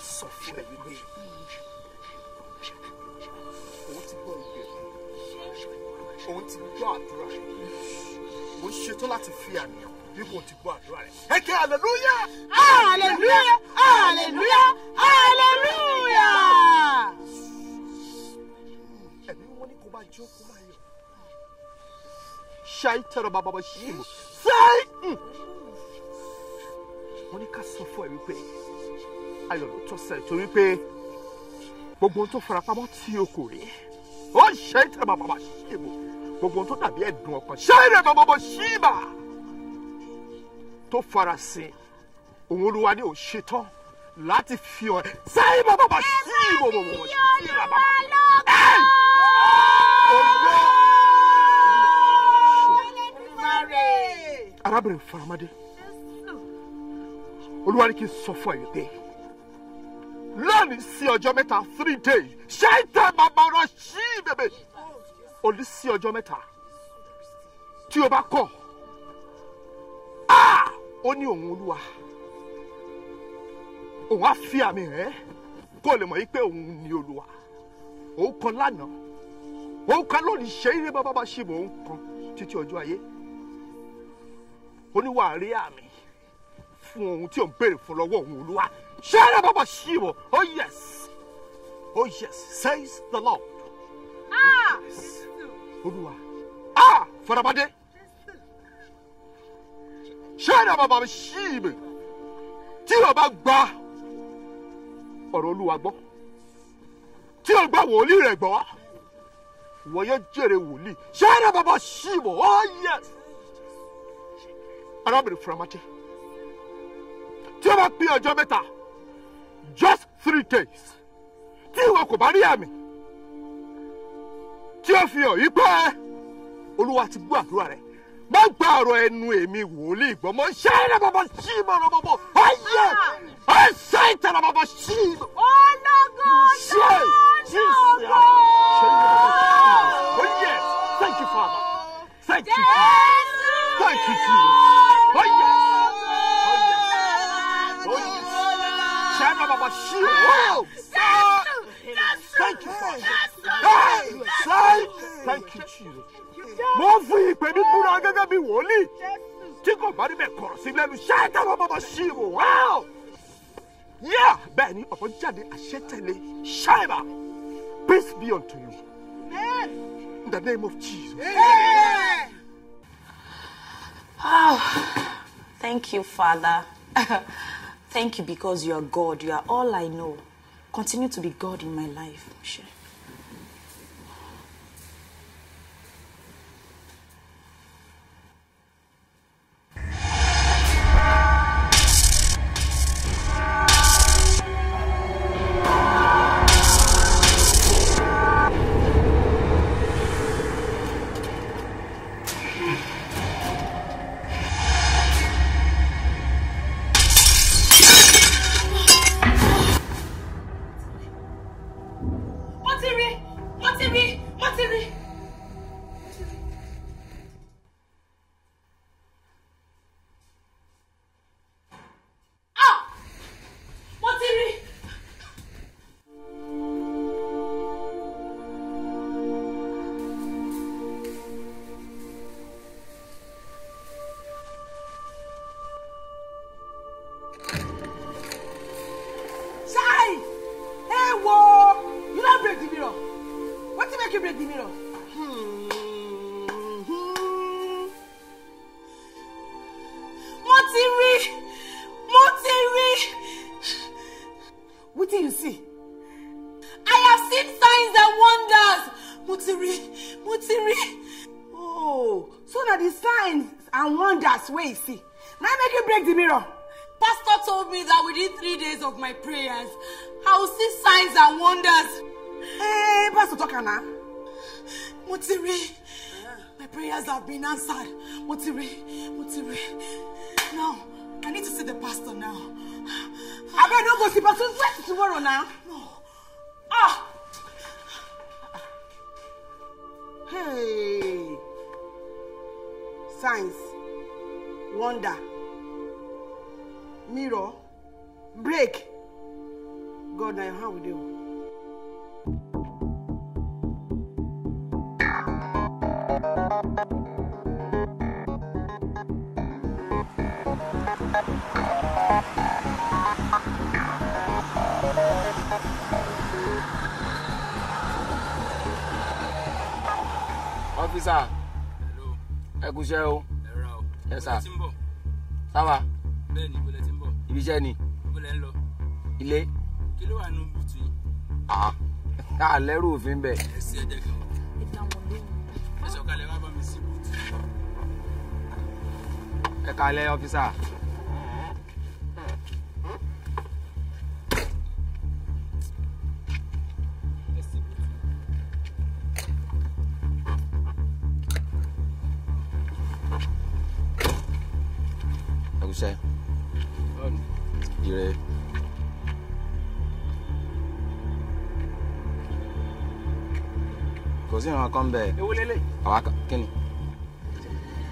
sọ fún ẹ wípé òun ti gbọ́ ìgbẹ́ òun ti gbọ́ àdúrà rẹ mo ń ṣetán láti fi àmì bí kò ti gbọ́ àdúrà rẹ. ẹ kí aleluya. aleluya aleluya aleluya. ẹ̀mí wọn ni kò máa jó kó máa yọ. ṣáì tẹ̀rọ bàbá bá ayọ̀ ló tọ́ sẹ̀ torí pé gbogbo ohun tó farapamọ́ tí o kò rí ó ṣe é tẹ̀ bàbà ṣe é bò gbogbo ohun tó dàbí ẹ̀dùn ọkàn ṣe é rẹ̀ bàbà ṣe é bà tó farasin òun olúwa ni ò ṣetán láti fi hàn sẹ́yìn bàbà bà ṣe é bò bò bò ṣe é bàbà ẹ̀ ọgbọ́n. arábìnrin faramade olúwa ni kí n sọ fún ẹ yìí pé lẹ́ni sí ọjọ́ mẹ́ta three days ṣé tẹ bàbá ọ̀rọ̀ sí bèbè òní sí ọjọ́ mẹ́ta tí o bá kọ̀ ó ní òun olúwa òun á fi àmì rẹ̀ kó lè mọ̀ yí pé òun ni olúwa òun kan lánàá òun kan lónìí ṣe eré bàbá bá ṣì mọ̀ òun kan títí ọjọ́ ayé ó àmì fún ohun tí òun béèrè fún lọ́wọ́ òun olúwa. Sharababashivo. Oh, yes. Oh, yes. Says the Lord. Ah. Yes. Olúwa. Ah. Farabade. Sharababashivo. Tí o ba. gba ọ̀rọ̀ Olúwa gbọ́. Tí o gba wòlíì rẹ̀ gbọ́. Ìwọ yóò jèrè wòlíì. Sharababashivo. Oh, yes. Arábìnrin Faramade. Tí o bá pín ọjọ́ mẹ́ta just three days tí ìwọ kò bá rí àmì tí ó fi hàn yí pé olúwa ti gbọ́ àdúrà rẹ má gba ọ̀rọ̀ ẹnu èmi wòlíì gbọ́ mọ́ ṣáírà bàbá ṣí ìmọ̀ràn bàbá. Father. Thank you because you are God. You are all I know. Continue to be God in my life. Sure. signs and wonders wey you e see na make you break the mirror. Pastor told me that within three days of my prayers, I will see signs and wonders. Hey, eh, Pastor talk Tokana. Mutiri, my prayers have been answered. Mutiri, Mutiri. Now, I need to see the pastor now. I better not go see pastor. Wait till tomorrow now. No. Ah! Hey! signs wonder mirror break god na your hand we dey o. Officer ẹ kú iṣẹ́ o ẹ sà sáwà ibi iṣẹ́ ni ilé ah, a lẹ́rù òfin bẹ̀. ẹ kalẹ̀ ọ́fíìsà. sí ìran kan bẹ́ẹ̀. ewu lélẹ̀. àwa kan kí ni.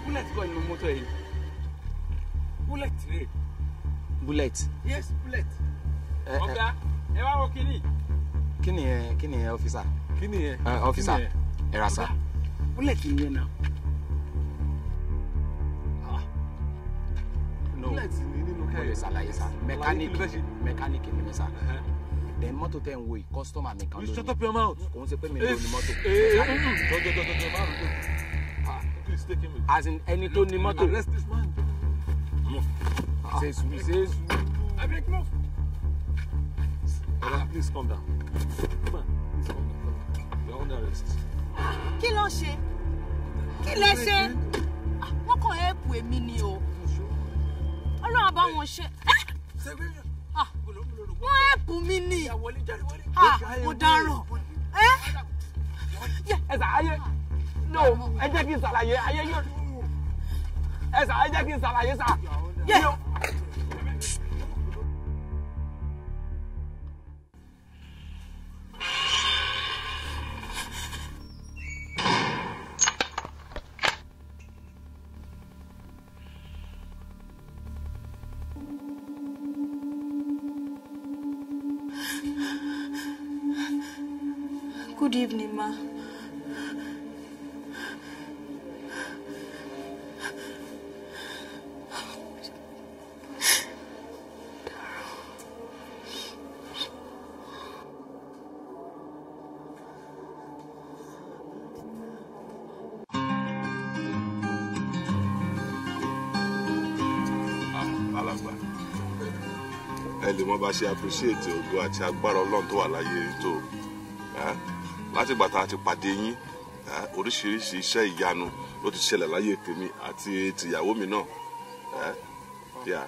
bullet kọ́ inú motor. yìí bullet rè. bullet. yes bullet. ọ̀gá ẹ wá wo kíní. Kenny, ẹ officer. Kenny, ọfíìsà. kíni ẹ ọfíìsà ẹ rà sá. bullet ni yẹn náà. bullet ni nínú ká yẹ. mo lè ṣàlàyé sá mẹkáníìkì mẹkáníìkì ni ah. mi sá then mọ́tò tẹ̀ ń customer mi kan you shut up your mouth. kò ń ṣe pé mi ló ní eh, mọ́tò. jọjọjọjọjọ máa rò pé please take as in any tó ní mọ́tò. arrest this man. ṣe sùn ṣe sùn. abeg move. Brother, please calm down. Come on, please calm down. You're under arrest. Kí ló ṣe? Kí lẹ ṣe? Ah, wọ́n kàn ẹ́pù èmi ni o. Ọlọ́run àbá wọn ṣe. Ah, wọ́n ẹ̀bù mi ni mo dáràn. ẹ ṣàlàyé no ẹ jẹ́ kí n ṣàlàyé ayé yóò ẹ ṣàlàyé jẹ́ kí n ṣàlàyé sà. appreciate ògo àti agbára ọlọ́run tó wà láyé yín tó láti ìgbà tá a ti pàdé yín oríṣiríṣi iṣẹ́ ìyanu ló ti ṣẹlẹ̀ láyé tèmi àti tìyàwó mi náà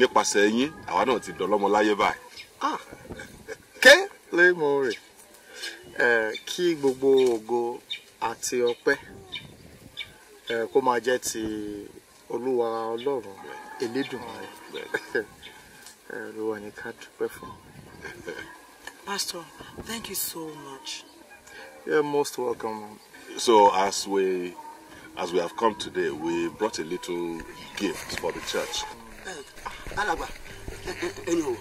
nípasẹ̀ yín àwa náà ti dọlọ́mọ láyé báyìí. Ah! ké lè mọ rè kí gbogbo ògo àti ọpẹ́ kó máa jẹ́ ti olúwa ọlọ́run elédùnmarè ló wà ní ká Pastor, thank you so much. You're most welcome. So as we as we have come today, we brought a little gift for the church. Eh, Alàgbà, eh, eh, anyhow,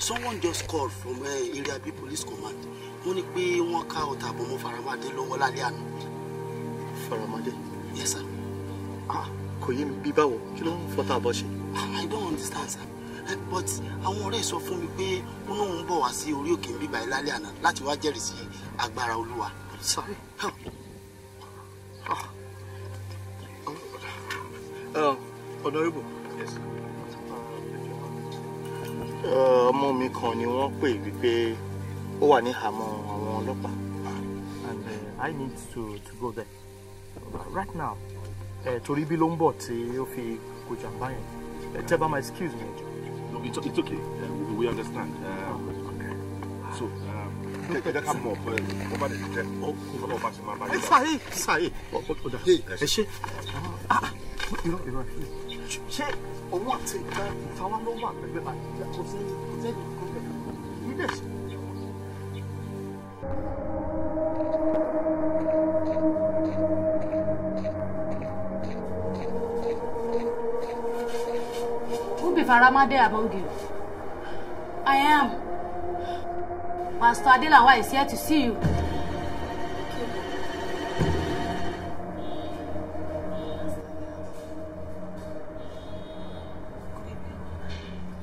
someone just called from uh, Iriabi Police Command. Wọ́n ní one car ká ọta àbọ̀mọ́ Faramade lọ́wọ́ Faramade? Yes, sir. Ah, kò yé mi bí báwo, kí ló ń fọ́tà bọ́ I don't understand, sir but àwọn ọ̀rẹ́ sọ fún mi pé ó náà ń bọ̀ wá sí orí òkè bíbá ẹ lálẹ́ àná láti wá jẹ́rìí sí agbára olúwa. Ah. yes. ọmọ mi kan ni wọ́n pè wípé ó wà ní àhámọ́ àwọn ọlọ́pàá. and uh, I need to to go there right now torí bí ló ń bọ̀ tí ó fi kò jàmbá tẹ́ bá my excuse me it's, it's okay. Uh, we, we understand. Uh, okay. So, ṣé òun àti oh, ìta wa ló wà pẹ̀lú àti ìta kò sí ẹni. am I there you? I am. Pastor Adelawa is here to see you.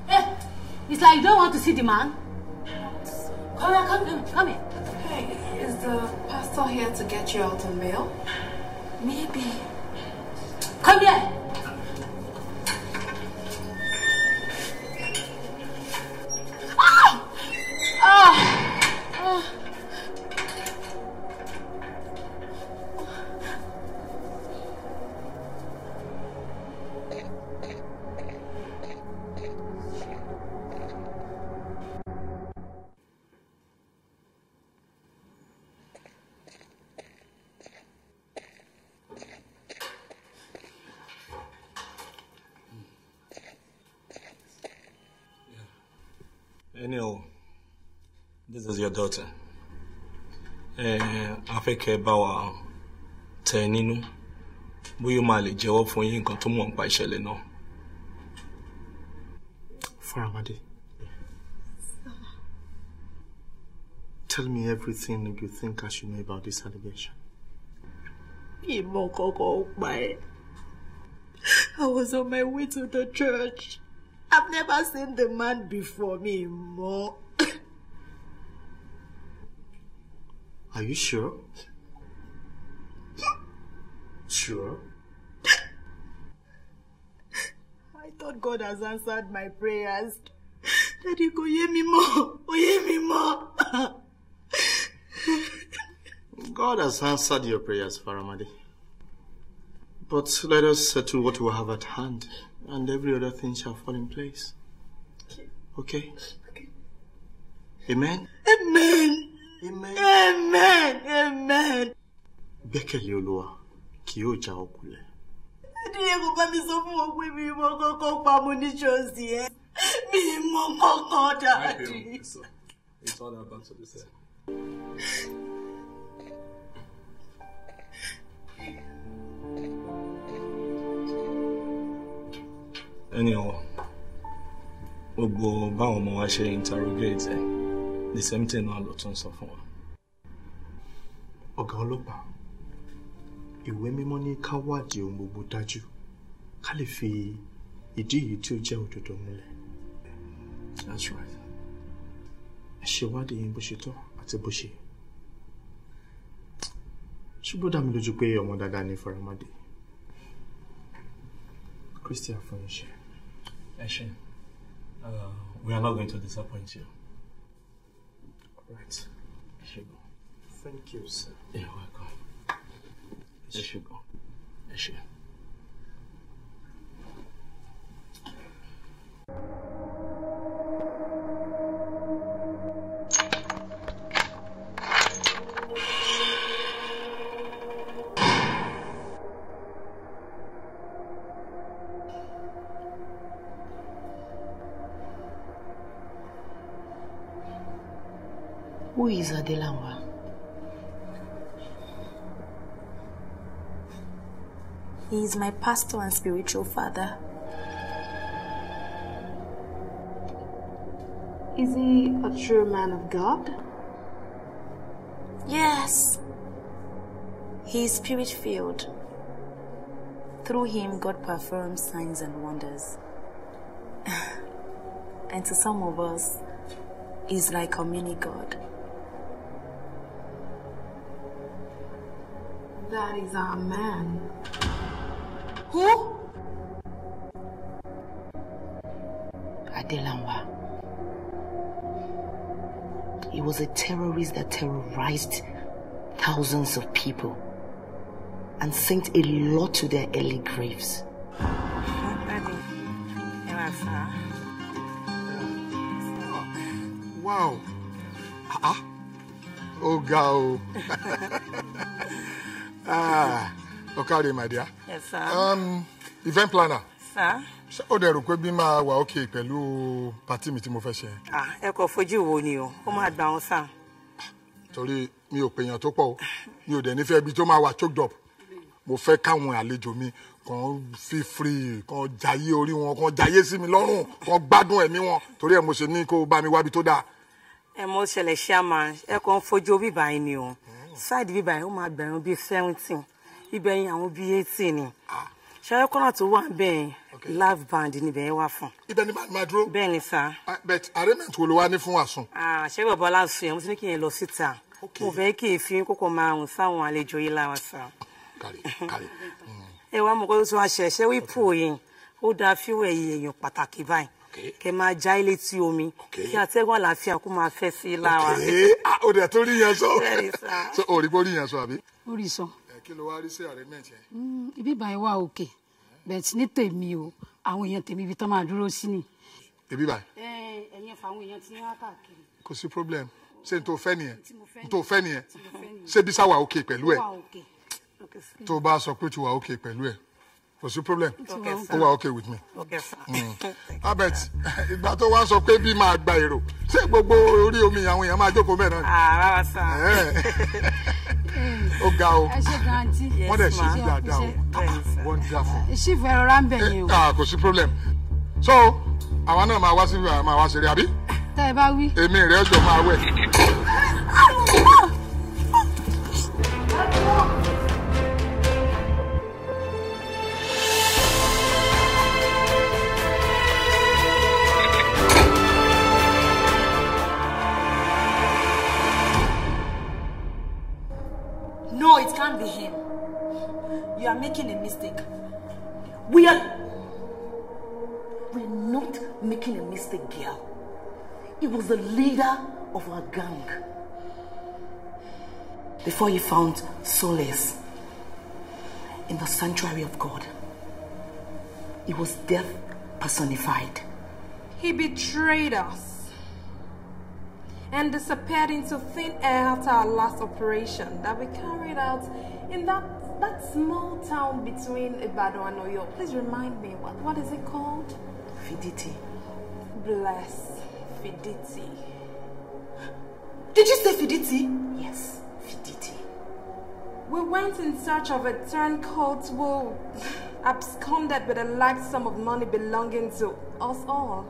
Hey, eh, it's like you don't want to see the man. Come here, come here, come here. Hey, is the pastor here to get you out of mail? Maybe. Come here. Anyhow, this is your daughter. Eh, A fẹ́ kẹ́ ẹ bá wa tẹ nínú bóyá ó máa lè jẹ́wọ́ fún yín nǹkan tó mọ̀ nípa ìṣẹ̀lẹ̀ náà. Faramade, tell me everything you think I should know about this allegation. Ìmọ̀ kankan ó pa ẹ́. I was on my way to the church. I've never seen the man before me, more. Are you sure? Sure? I thought God has answered my prayers. That you could hear me more. Hear me more. God has answered your prayers, Faramadi. But let us settle what we have at hand. and every other thing shall fall in place. Okay? Okay. Amen? Amen! Amen! Amen! Amen! Gbẹ́kẹ̀lé Olúwa kì yóò já ọ kulẹ̀. Adéyẹ kò bá mi sọ fún wọn pé mi mọ kọ́kọ́ pa mo ní Mi mọ kọ́kọ́ dáadé. It's all about to be said. anyhow gbogbo báwọn ọmọ wa ṣe interrogate ẹ the same thing náà ló tún sọ fún wa. ọ̀gá ọlọ́pàá ìwé mímọ́ ní ká wádìí ohun gbogbo dájú ká lè fi ìdí yìí tí ó jẹ́ òdodo múlẹ̀. that's right. ẹ ṣe wádìí yín bó ṣe tọ́ àti bó ṣe. ṣùgbọ́n dá mi lójú pé ọmọ dáadáa ní faramade. Christian Fúnṣe. Eshe, uh, we are not going to disappoint you. All right. Eshe, go. Thank you, sir. You're welcome. Eshe, go. Eshe. Où Adelawa? He is my pastor and spiritual father. Is he a true man of God? Yes. He is spirit filled. Through him, God performs signs and wonders. and to some of us, is like a mini God. That is our man. Who? Adelanwa. He was a terrorist that terrorized thousands of people and sent a lot to their early graves. Wow. Uh -uh. Oh, go. ah ọkàrẹ my dear yes sir um, event planner sir ó Oh there, pé bí máa wà ókè pẹ̀lú pàtí mi tí mo fẹ́ ṣe. Ah, ẹ kò wo ni o ó máa gbà wọn sàn. torí mi ò pèèyàn tó pọ̀ o mi ò dẹ̀ nífẹ̀ẹ́ ibi tó máa wà choked up mo fẹ́ káwọn àlejò mi kàn fi free kàn jayé orí wọn kàn jayé sí mi lọ́rùn kàn gbádùn ẹ̀mí wọn torí ẹ̀ mo ṣe ní kó bá mi wábi tó dáa. ẹ mọ ṣẹlẹ̀ ṣáàmà ẹ kàn fojú bíbá yín ni o side bíbá yìí ó máa gbẹ̀rún bíi seventeen ibẹ̀ yẹn àwọn bíi eighteen ni ah. ṣayọ kọ́nà tó wà bẹ́ẹ̀ live band níbẹ̀ yẹn wà fún. ibẹ̀ ni màá dúró. bẹ́ẹ̀ ni sá. Ah, but arrangement wo ló wá ní fún àsun. Ah, ṣé bàbá aláṣọ yẹn mo ti ní kí yẹn lọ síta mo fẹ́ kí èéfín kókò máa rùn sáwọn àlejò yìí lára sá. kàrí kàrí. ẹ wá mọ̀ pé ó tún aṣẹ̀ ṣẹ́ wípò yẹn ó dáa fíwọ̀ ẹ̀yìn èèyàn pàtàkì báyìí kẹ máa já ilé tí omi kí atẹ́gùn àlàáfíà kó máa fẹ́ sí i lára. o ah, dẹ̀ tó rí yẹn sọ so o rí bó rí yẹn sọ àbí. ó rí sọ. kí ló wá rí sí arrangement yẹn. Mm, ibi ìbàyẹn wà òkè bẹ̀ẹ̀tì ní tèmi o àwọn èèyàn tèmi ibi tán máa dúró sí ni. ibi báyìí. ẹ ẹyin fa àwọn èèyàn ti ní wá káàkiri. kò sí problem ṣé n tó fẹ́ nìyẹn n tó fẹ́ nìyẹn ṣé bí sáwà òkè pẹ̀lú ẹ̀ tó bá sọ pé o wà òkè pẹ̀lú ẹ̀ kò sí problem ó oh, wà okay with me I mm. bet tó wá sọ pé bí máa gba you. Say, gbogbo orí omi me èèyàn máa jókòó bẹ́ẹ̀ náà ni. àrà wa sàn. ó ga o wọ́n dẹ̀ ṣe sí dáadáa o ah, wonderful. ṣífẹ́ rọra ń bẹ̀ yẹn o. Eh, ah, kò sí problem so àwa náà máa wá sí máa wá ṣeré àbí. tẹ́ ẹ bá we. èmi rẹ̀ ọjọ́ máa my way. you are making a mistake. We are... We're not making a mistake, girl. He was the leader of our gang. Before he found solace in the sanctuary of God, he was death personified. He betrayed us and disappeared into thin air after our last operation that we carried out in that that small town between Ibadan and Oyo, please remind me, what, what is it called? Fiditi. Bless Fiditi. Did you say Fiditi? Yes, Fiditi. We went in search of a turncoat who absconded with a large sum of money belonging to us all.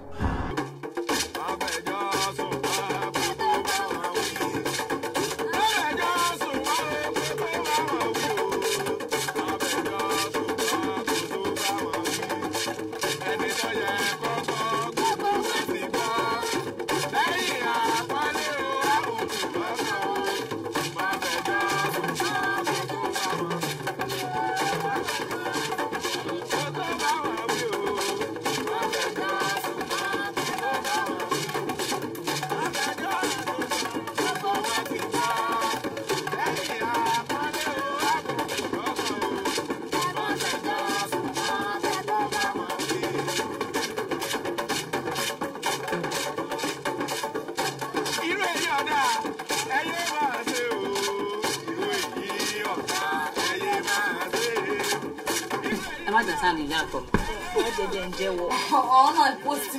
jẹ́wọ́. ọ̀hún náà post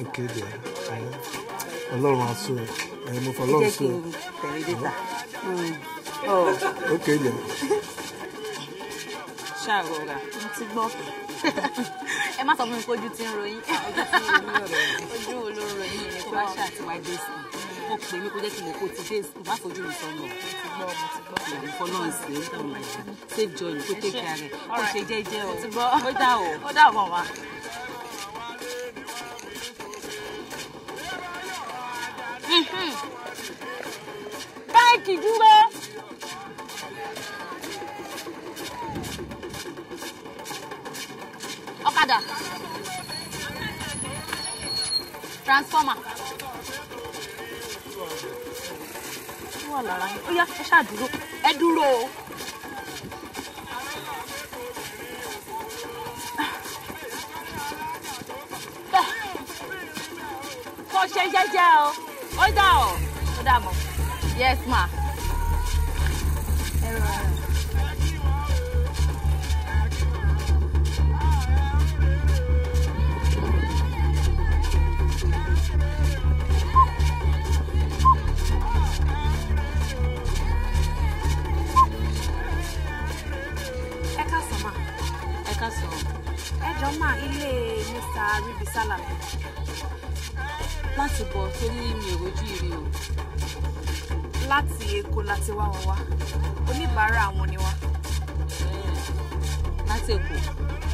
Ok, ni. okay there ọlọ́run aṣọ ẹ mo fọ ọlọ́run sọ ẹ okay there. ṣàròrà mo ti gbọ́ ẹ má sọ fún mi pé ojú ti ń ròyìn ojú olóró yìí ni kó wá ṣàtiwájú sí kò pè mí kó jẹ́ kí mo kó ti dé má fojú mi sọnù ìyàwó fọlọ́run sí i tó ń bọ̀ save joy kó take care kó ṣe jẹ́jẹ́ o ó dà o ó dà mọ̀ wá. báńkì dúró. ọ̀kadà transformer wà lára yín ó yá ẹ ṣáà dúró ẹ dúró o. kò ṣe jẹ́jẹ́ o ó dà o ó dà mọ́ yes ma. ẹ rọra. láti Èkó láti wá wọn wá oníbàárà wọn ni wá. láti Èkó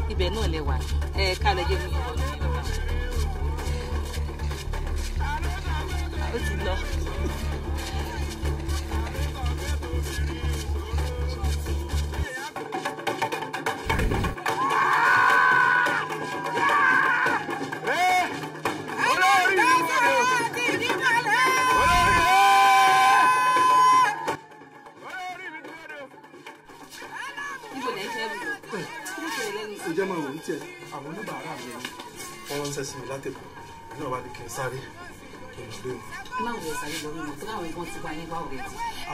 ibẹ̀ náà lè wà ẹ ká lọ jẹ́ mi. ó ti lọ. sí mi látẹ̀kọ̀ náà wá ní kí n sáré kí n gbé mi.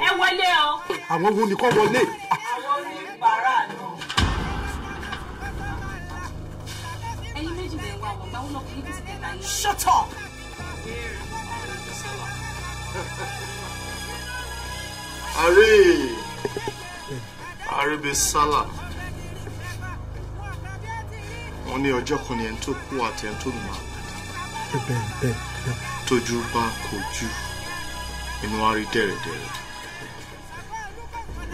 ẹ wọlé o. àwọn wo ni kò wọlé. àwọn oníbàárà náà. ẹyin méjì lè wá ọmọ gbáwó náà kí ní kò sí tẹ̀lé shut up. ààrẹ ààrẹ bẹ wọ́n ní ọjọ́ kan ní ẹni tó kú àti ẹni tó lù máa padà bẹ́ẹ̀ bẹ́ẹ̀ bẹ́ẹ̀ tójú bá kojú inú wa rí dẹ̀rẹ̀dẹ̀rẹ̀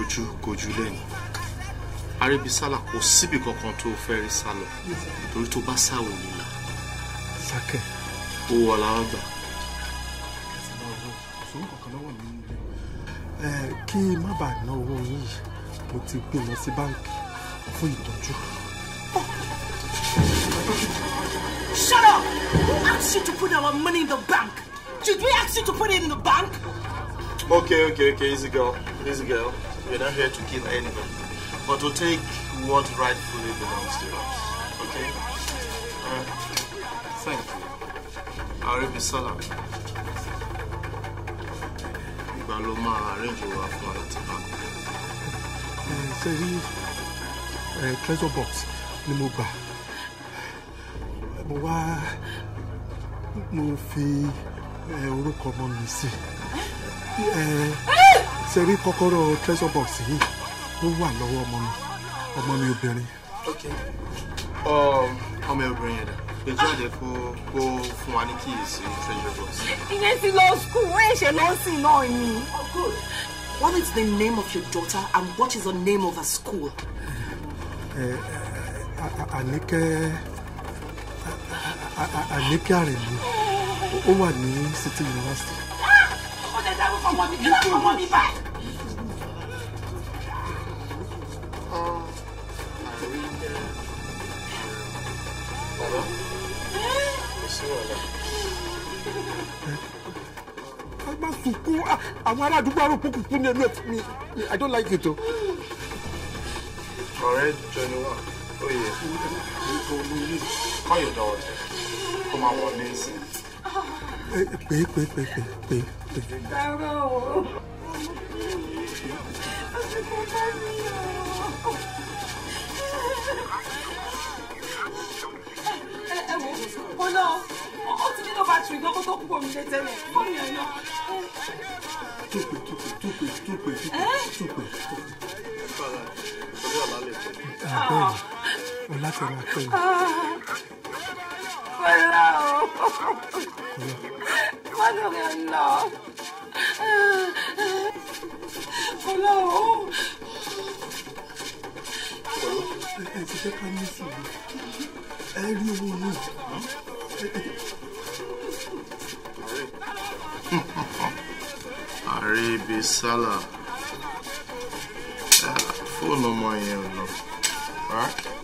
ojú kojú lẹ́nu arébísálà kò síbi kankan tó fẹ́ rí sálọ torí tó bá sáwò nílà ó wọ làwọn kí má bàa ná owó yìí mo ti gbé lọ sí báńkì fún ìtọ́jú. Shut up! Who asked you to put our money in the bank? Did we ask you to put it in the bank? Okay, okay, okay, easy girl. Easy girl. We're not here to kill anyone. But we'll take what rightfully belongs to us. Okay? Uh, thank you. Arabi Salam. Baloma arrange our flight back. treasure box ni mo wá mo fi orúkọ ọmọ mi sí ṣe rí kọ́kọ́rọ́ treasure box yìí ó wà lọ́wọ́ ọmọ mi ọmọ mi obìnrin. Um, ọmọ obìnrin yẹn dà ìjọ àdé kó kó fún wa ní kíyèsí treasure box. ìyẹn ti lọ school wọ́n èṣe lọ́sìn náà ni. What is the name of your daughter and what is the name of her school? Àníkẹ́. Uh, uh, àlépíà rẹ̀ lù ó wà ní City University. ó lè dárú fọmọ mi kí ló fọmọ mi báyìí. má sunkún àwọn ará àdúgbò àrò púpù kú ní ẹnu mi I don't like it o. ọ̀rẹ́ jọ ni wọ́n ó yẹ kó lóyún kọ́ yóò dọ̀wọ́ tẹ̀ kó máa wọlé sí. pé pé pé pé pé pé. dárò o àsìkò bá mi o. ẹ ẹ wò ó lọ ó ti nílò bàtìrì gan kó tó kú omi lé tẹ́lẹ̀ fóònù ẹ̀ náà. túpè túpè túpè túpè túpè túpè. ọlá tẹ̀lé àpẹẹrẹ wala o. Wala ka lọ. Wala o. Ẹ ti fẹ́ ká ní sùn. Ẹ rí owó náà. Àríbi sálà. Fóònù ọmọ yẹn ò lọ. Right?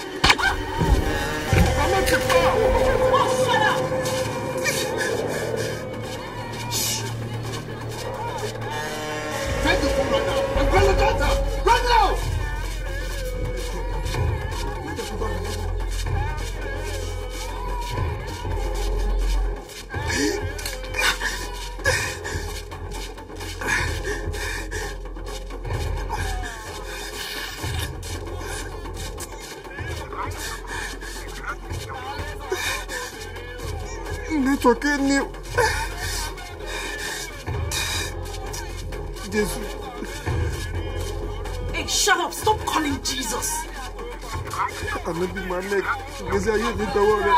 gbèsè ayé mi tọwọ́ rẹ.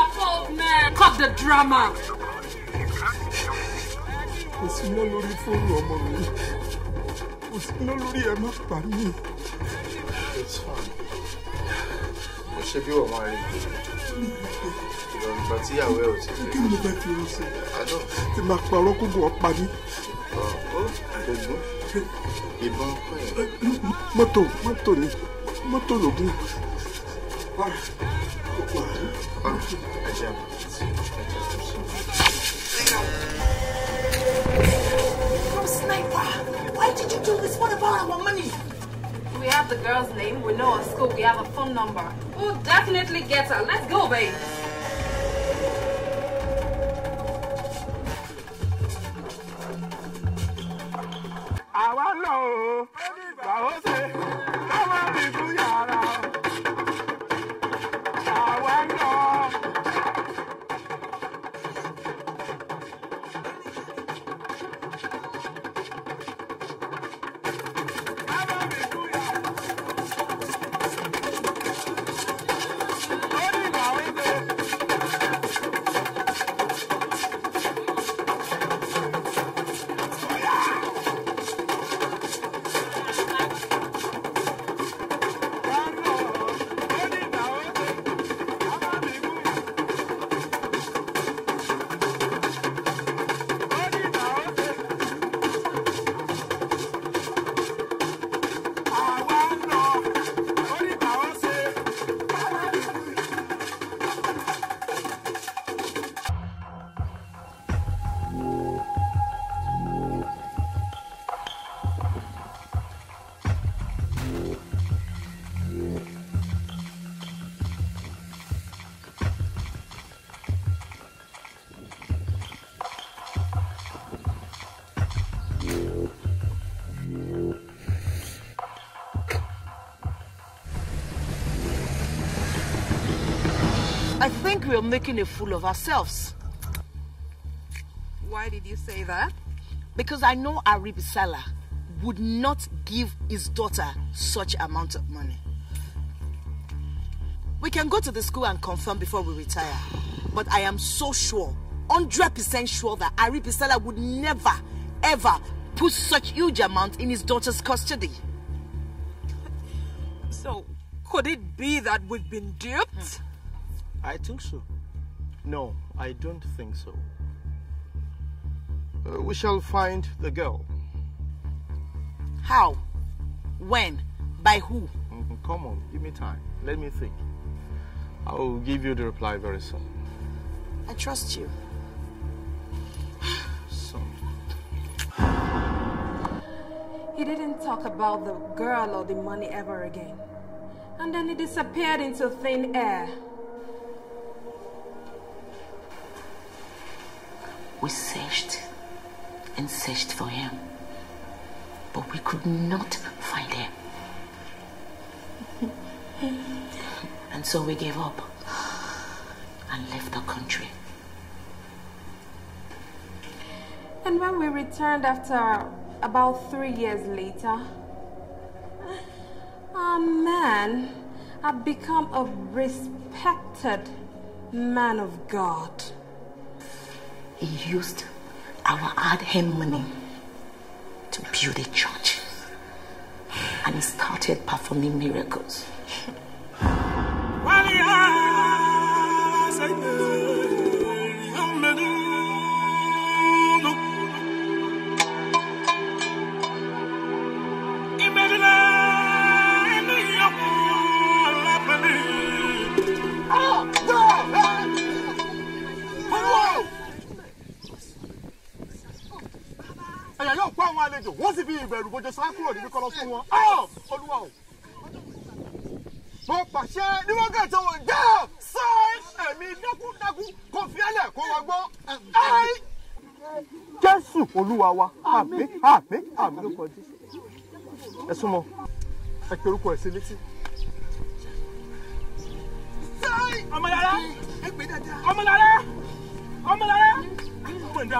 cut the drama. kò sí iná lórí fóònù ọmọ mi kò sí iná lórí ẹ má pa mí. mo ṣe bí wọ́n máa rí ìgbà tí ìyàwó ẹ ò ti rí. kí ni mo fẹ́ fi irun sí? ti máa pa ọlọ́kùnkùn ọ̀pá mi. ọ̀gbọ́n ìbọn pẹ̀lú. mọ́tò mọ́tò ni mọ́tò lògùn. From Sniper, why did you do this? What about our money? We have the girl's name, we know her school, we have a phone number. We'll definitely get her. Let's go, babe. Our love, I want to know. we're making a fool of ourselves. Why did you say that? Because I know Aribisala would not give his daughter such amount of money. We can go to the school and confirm before we retire. But I am so sure, 100% sure that Aribisala would never, ever put such huge amount in his daughter's custody. So, could it be that we've been duped? Hmm. I think so. No, I don't think so. Uh, we shall find the girl. How? When? By who? Mm, come on, give me time. Let me think. I will give you the reply very soon. I trust you. So. He didn't talk about the girl or the money ever again. And then he disappeared into thin air. We searched and searched for him, but we could not find him. and so we gave up and left the country. And when we returned after about three years later, our man had become a respected man of God. He used our hard-earned money to build a church. And he started performing miracles. bẹ̀rù bójú sá kúrò níbi kọ́ lọ fún wọn olúwa o. mo pàṣẹ níwọ̀n gẹ̀ẹ́tọ̀ wọn jẹ́ sọ ẹ̀mí dákúdákú kò fi ẹlẹ̀ kó wọn gbọ́. jésù olúwa wa àmín àmín àmín ẹ súnmọ́ ẹ pe orúkọ ẹ sí létí. ọmọlára ọmọlára ọmọlára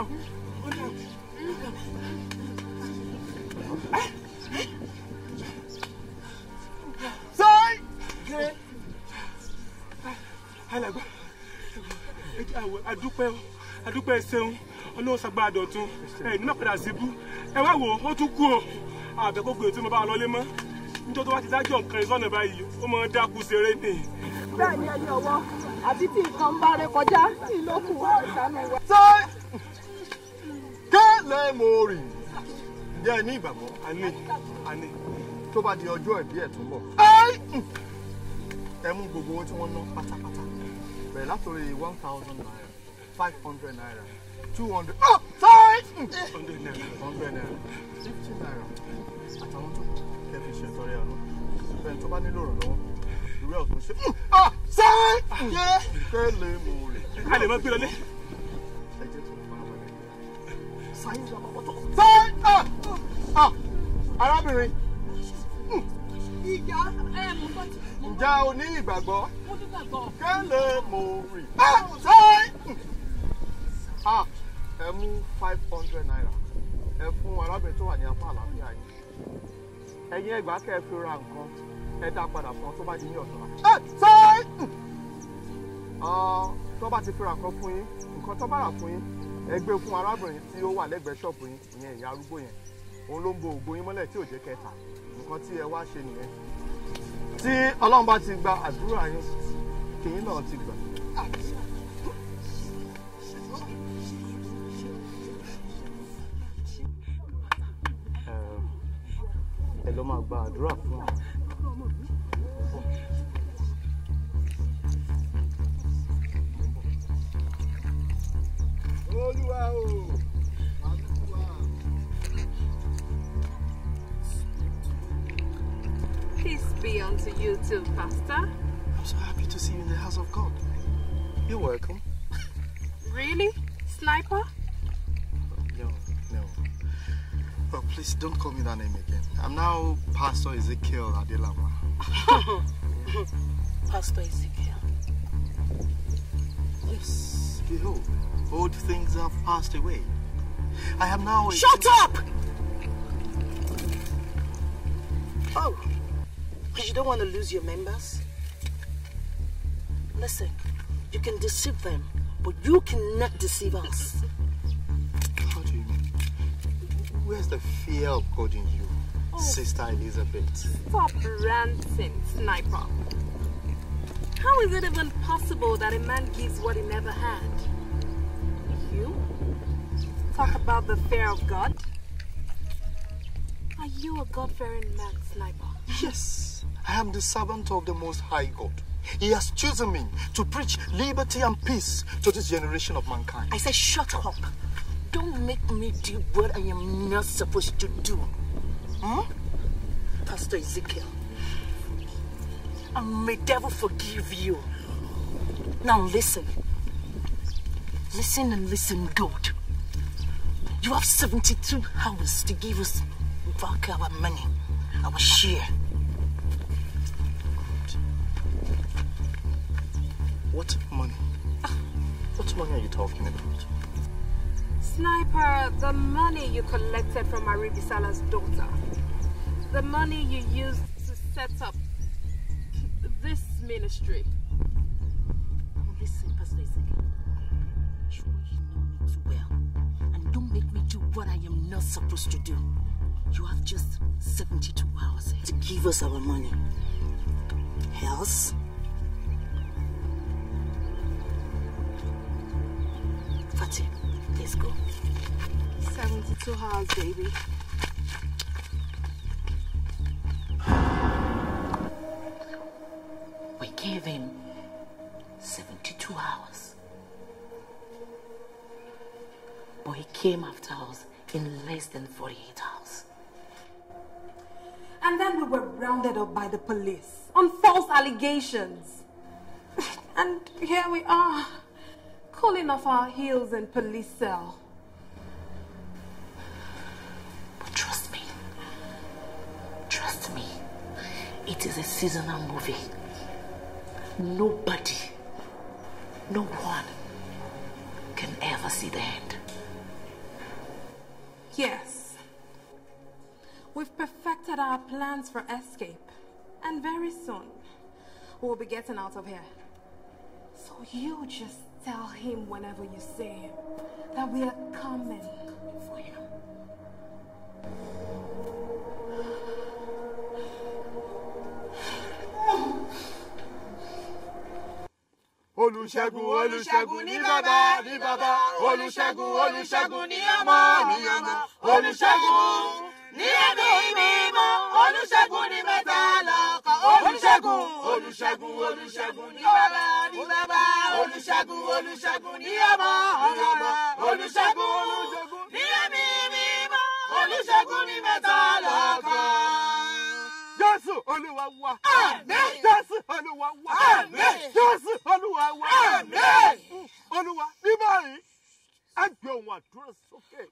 àdúpẹ́ ṣeun olówó sagbára dọ̀tun ẹ ní mọ̀kadà síbú ẹ wá wò ó tún kú o àbẹ̀kọ́gbè tí mo bá lọlé mọ́ nítorí wá ti dájọ́ nǹkan ìsọ̀nà báyìí ó máa ń dákú ṣeré nì. bẹ́ẹ̀ ni ẹni ọwọ́ àbí tí nǹkan bá rẹ kọjá tí ló kù wá ìsánú wa. ṣé kẹ́lẹ́ mo rì ǹjẹ́ ní ìgbàgbọ́ àní àní tó bá di ọjọ́ ìbí ẹ̀ tó bọ̀ ẹ mú gbogbo owó tí wọ́n ná pátápátá bẹ̀rẹ̀ látòrí one thousand naira five hundred naira two hundred oh sorry hmm. hundred naira hundred naira fifty naira àtàwọn tó kẹ́ fi ṣe tọrẹ àná bẹ́ẹ̀ tó bá nílò ìrànlọ́wọ́ ìwé ọ̀tún ṣe hmm. ah, sorry yé hmm. tẹ́lẹ̀ mú rè. a lè má gbé lọlé. ẹ jẹ́ tó máa wẹ̀lẹ̀ sáyé ìjọba wọ́tọ̀ sáyé ah, ah, arábìnrin ìjà ẹ mú bọ́tì. ìjà ò ní ìgbàgbọ́. mo ní ìgbàgbọ́. kẹ́lẹ́ mo rìn. ṣé app ah, ẹ mú five hundred naira ẹ fún arábìnrin tó wà ní apá àlàáfíà yín ẹ̀yin ẹgbàá kẹ́ ẹ fi ra nǹkan ẹ dá padà fún ọ tó bá di ní ọ̀tún la. ẹ ṣe é ah, tó bá ti fi ra nǹkan fún yín nǹkan tó bá rà fún yín ẹ gbé fún arábìnrin tí ó wà lẹ́gbẹ̀ẹ́ ṣọ́ọ̀bù yín ìyẹn ìyá arúgbó yẹn òun ló ń bo ògbó yín mọ́lẹ̀ tí ò jẹ́ kẹta nǹkan tí ẹ wá ṣe nìyẹn tí ọlọ́run bá ti gba àdúrà yín kì í náà ti gbà. lọ gba àdúrà fún olúwa o Peace be unto you too, Pastor. I'm so happy to see you in the house of God. You're welcome. Really? Sniper? please don't call me that name again. I'm now Pastor Ezekiel Adelama. yeah. Pastor Ezekiel. Yes, behold, old things have passed away. I am now. Shut up! Oh, because you don't want to lose your members? Listen, you can deceive them, but you cannot deceive us. Where's the fear of God in you, oh, Sister Elizabeth? Stop ranting, sniper. How is it even possible that a man gives what he never had? You talk about the fear of God? Are you a God-fearing man, sniper? Yes, I am the servant of the Most High God. He has chosen me to preach liberty and peace to this generation of mankind. I say shut up. Don't make me do what I am not supposed to do. Hmm? Pastor Ezekiel. And may devil forgive you. Now listen. Listen and listen God. You have 72 hours to give us back our money, our share. What money? Ah. what money are you talking about? Sniper, the money you collected from Aribisala's daughter, the money you used to set up this ministry. Listen, Pastor Isaac, sure you know me too well. And don't make me do what I am not supposed to do. You have just 72 hours to give us our money. Else, Fatih, Let's go. 72 hours, baby. We gave him 72 hours. But he came after us in less than 48 hours. And then we were rounded up by the police on false allegations. and here we are calling off our heels in police cell. But trust me. Trust me. It is a seasonal movie. Nobody, no one can ever see the end. Yes. We've perfected our plans for escape. And very soon, we'll be getting out of here you just tell him whenever you see him that we are coming for him? Olùṣègùn Olùṣègùn ní bàbá ní bàbá Olùṣègùn Olùṣègùn ní ọmọ ní ọmọ Olùṣègùn ní ẹ̀mí mímọ́ Olùṣègùn ní olùṣègùn olùṣègùn olùṣègùn ní bàbá ní bàbá olùṣègùn olùṣègùn ní ọmọ ọmọ olùṣègùn olùṣègùn ní ẹ̀mí mímọ́ olùṣègùn ní mẹ́ta lọ́kàn. Jésù Olúwa wa. Àmín. Jésù Olúwa wa. Àmín. Jésù Olúwa wa. Àmín. Olúwa ní báyìí ẹ gbé ohun àdúrà sókè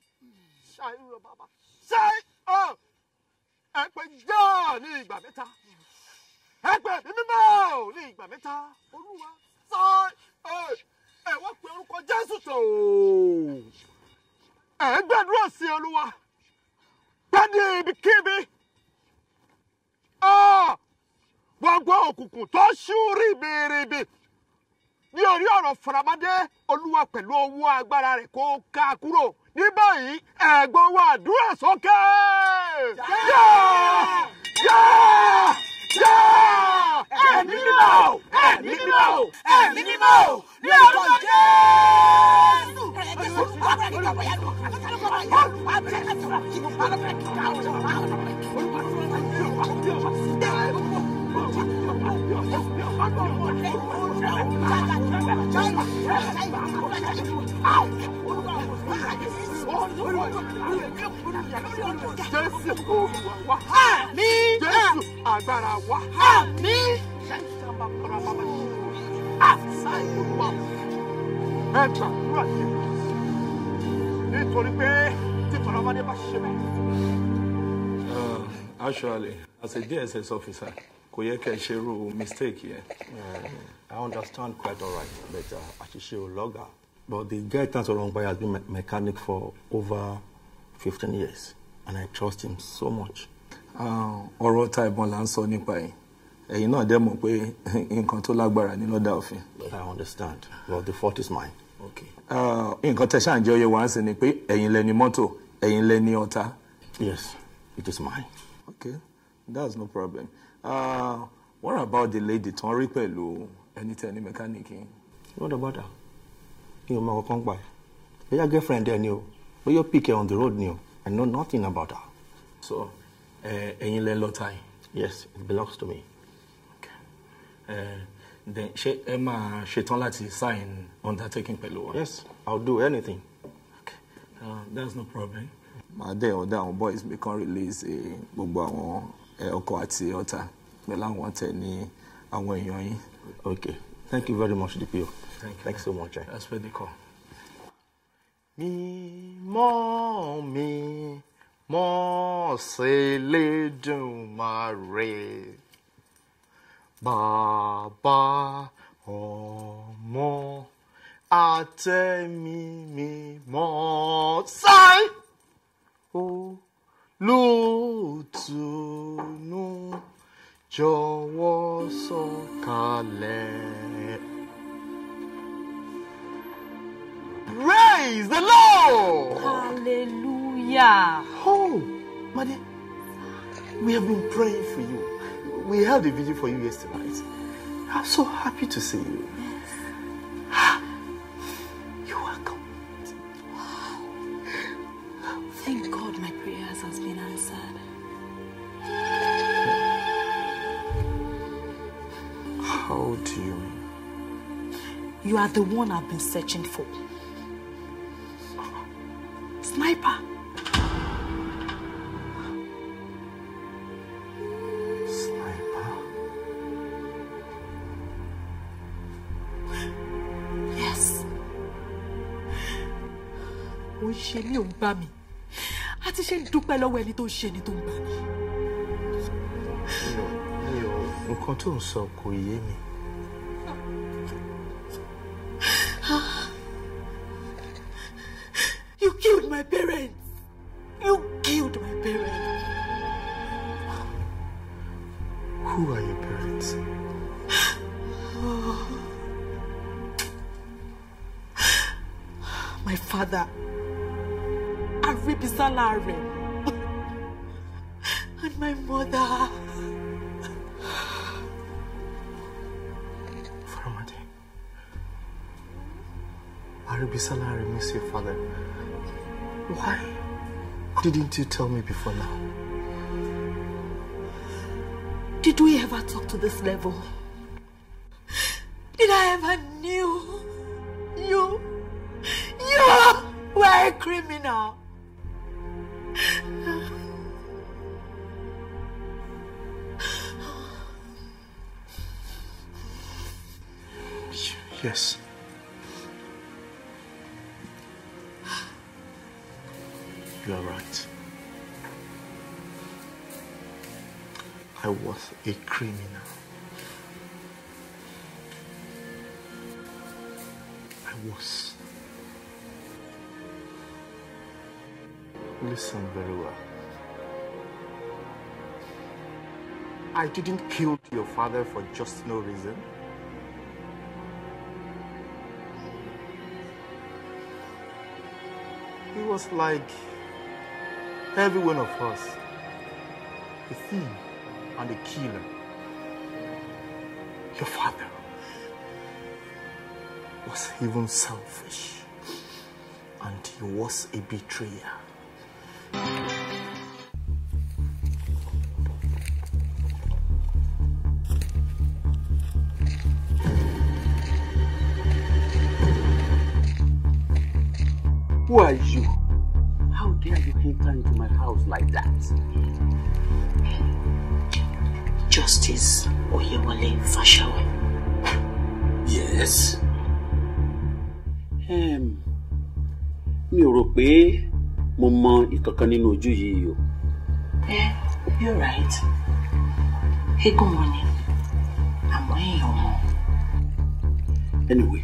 ṣáà ń lọ bàbá ṣáà ẹ pé jọ́ọ̀ ní ìgbà mẹ́ta. ẹgbẹ́ mi mímọ́ ò ní ìgbà mẹ́ta olúwa sọ ẹ wọ́n pe orúkọ jésù tó ẹ gbàdúrà sí olúwa gbádùn ibikíbi ah! gbogbo òkùnkùn tó ṣú rìbìrìbì ní orí ọ̀rọ̀ faramadé olúwa pẹ̀lú owó agbára rẹ̀ kó ká kúrò ní báyìí ẹ̀gbọ́n wa yeah! ẹ̀mí mímọ́ ẹ̀mí mímọ́ ẹ̀mí mímọ́ ní orúkọ jésù. Ow! Jésù ah, Actually, as a DSS officer, kò yẹ mistake here. Eh, I understand quite all right, but uh, àṣìṣe ò lọ́gàá. But the guy turns around by has been my mechanic for over 15 years and I trust him so much. Ah, ọ̀rọ̀ ta ìbọn là ń sọ nípa yìí. Ẹ̀yin náà dẹ̀ mọ̀ pé nǹkan tó lágbára ní lọ́dà òfin. I understand. Well, the fault is mine. Okay. Ah, nǹkan tẹ̀ ṣáà ń jẹ́ oyè wá ń sìn ni pé ẹ̀yin lẹni mọ́tò, ẹ̀yin lẹni ọ̀tá. Yes, it is mine. Okay, that's no problem. Uh, what about the lady tó ń rí pẹ̀lú ẹni tẹ̀ ní mẹkáníìkì? What about her? mi ò mọ kankan gbà ẹ bóyá girlfriend ẹ ni o bóyá ó pick ẹ on the road ni o I know nothing about her. so ẹ̀yin lẹ lọ ta yìí. yes it belongs to me. okay. Uh, then ṣé ẹ máa ṣetán láti sign undertaking pẹ̀lú wa. yes I'll do anything. okay uh, that's no problem. màá dẹ̀ ọ̀dọ̀ àwọn boys mi kan release eh, gbogbo àwọn eh, ọkọ àti ọ̀tá pẹ̀lú àwọn tẹ̀ ní àwọn èèyàn yín. okay thank you very much DPO. Thank you. Thanks so much. Eh? That's where they call. Mímọ́ mi, mọ́ ṣe Lédùmarè. Bàbá ọmọ àtẹ̀mí mímọ́ sáì. Olùtùnú jọ̀wọ́ sọ̀kalẹ̀. Praise the Lord. Hallelujah. Oh, Mother, we have been praying for you. We held a video for you yesterday I'm so happy to see you. Yes. You are welcome. Thank God my prayers has been answered. How do you mean? You are the one I've been searching for. Sniper. Sniper. Yes. Ó ń ṣe mí, ó ń bá mi. A ti ṣe ń dúpẹ́ lọ́wọ́ ẹni tó ń ṣe ni tó ń bá mi. mi ò, nǹkan tó ń sọ kò yé mi. didn't you tell me before now? Did we ever talk to this level? Did I ever knew you? You were a criminal. Yes. a criminal. I was. Listen very well. I didn't kill your father for just no reason. He was like every one of us, a thief and the killer. Your father was even selfish and he was a betrayer. Who are you? How dare you enter into my house like that? Justice Oyewole Fashawe. Yes. Um, mi ò rò pé mo mọ ìkankan nínú ojú yìí o. Eh, you're right. Eégún wọn ni, àmọ́ èèyàn wọn. Anyway,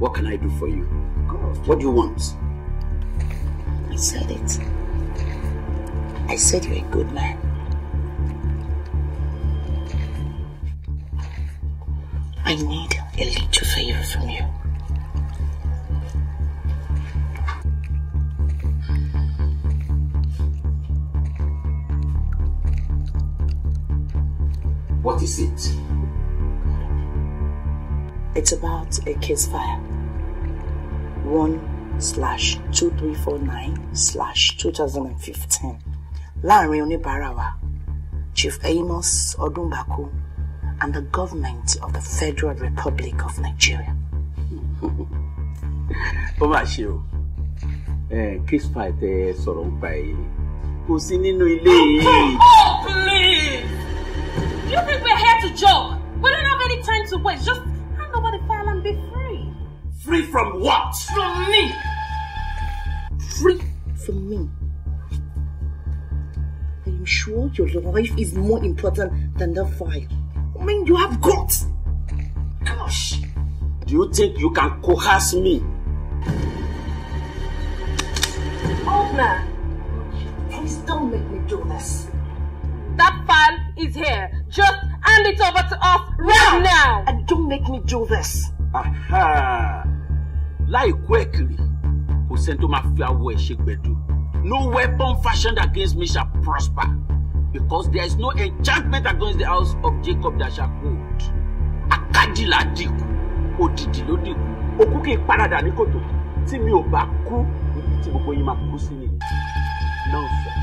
what can I do for you? God. What do you want? I said it. I said you're a good man. I need a little favor from you. What is it? It's about a case file. 1 slash 2349 slash 2015. Láàrin oníbàárà Chief Amos Odumbaku and the government of the Federal Republic of Nigeria. ó mà ṣe o kispa nínú please you think we're here to joke we don't have any time to waste just hand over the file and be free. free from what. from me. free from me. I am sure your life is more important than the file? I mean, you have guts. Gosh. Do you think you can coerce me? Old man, please don't make me do this. That file is here. Just hand it over to us right now. now. And don't make me do this. Aha. Lie quickly. Kò sent tó máa fi awọ ẹ̀ do. No weapon fashioned against me shall prosper. because there is no enchantment against the house of Jacob that shall hold akadila dínkù òdìdí ló dínkù òkú kì í paradà ní kòtò tí mi ò bá kú ibi tí gbogbo yín máa kú sí nìyí nonsense.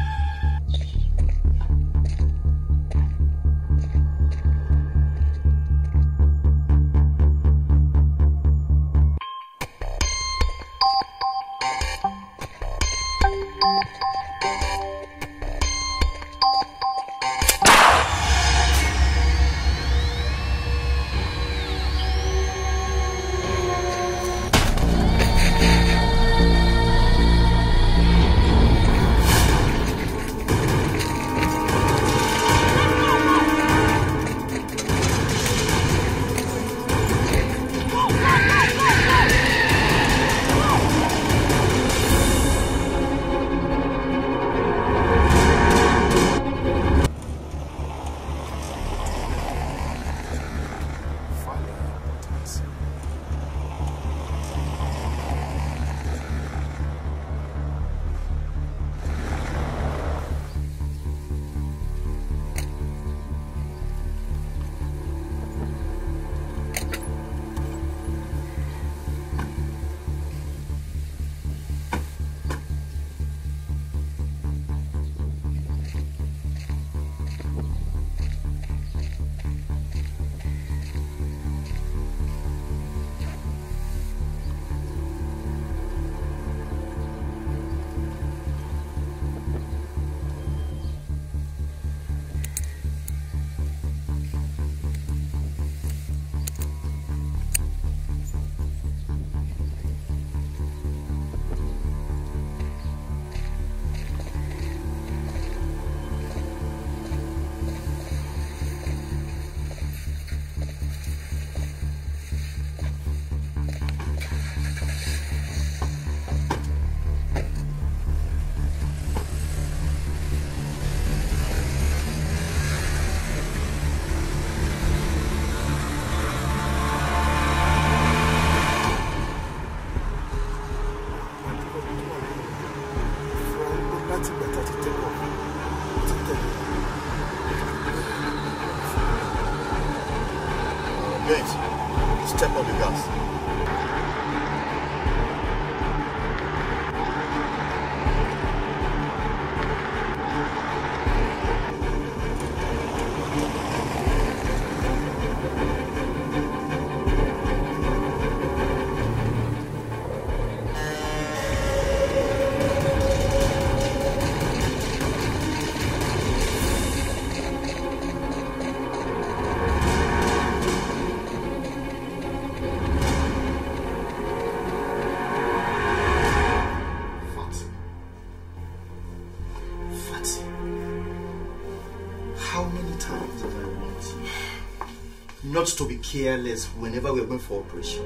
not to be careless whenever we're going for operation.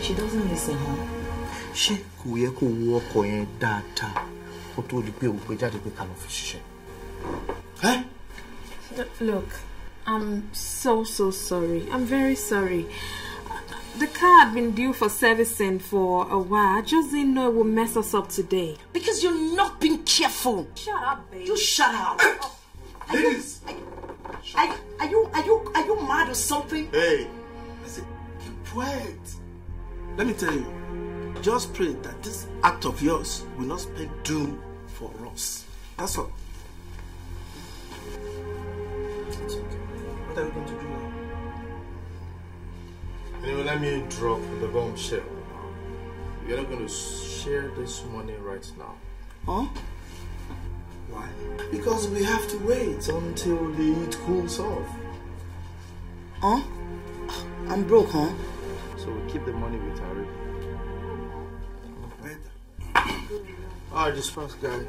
She doesn't listen, huh? She. could work on walk on yẹn dáadáa kó tó di pé òun to jáde pé ká lọ fi Look, I'm so, so sorry. I'm very sorry. The car had been due for servicing for a while. I just didn't know it would mess us up today. Because you're not being careful. Shut up, babe. You shut up. Please. Are you, are you, are you, mad or something? Hey, I said, Let me tell you, just pray that this act of yours will not spell doom for us. That's all. What are we going to do now? Anyway, let me drop the bombshell. You're not going to share this money right now. Huh? because we have to wait until the heat cools off. Huh? I'm broke, huh? So we keep the money with Harry. Alright, this fast guy.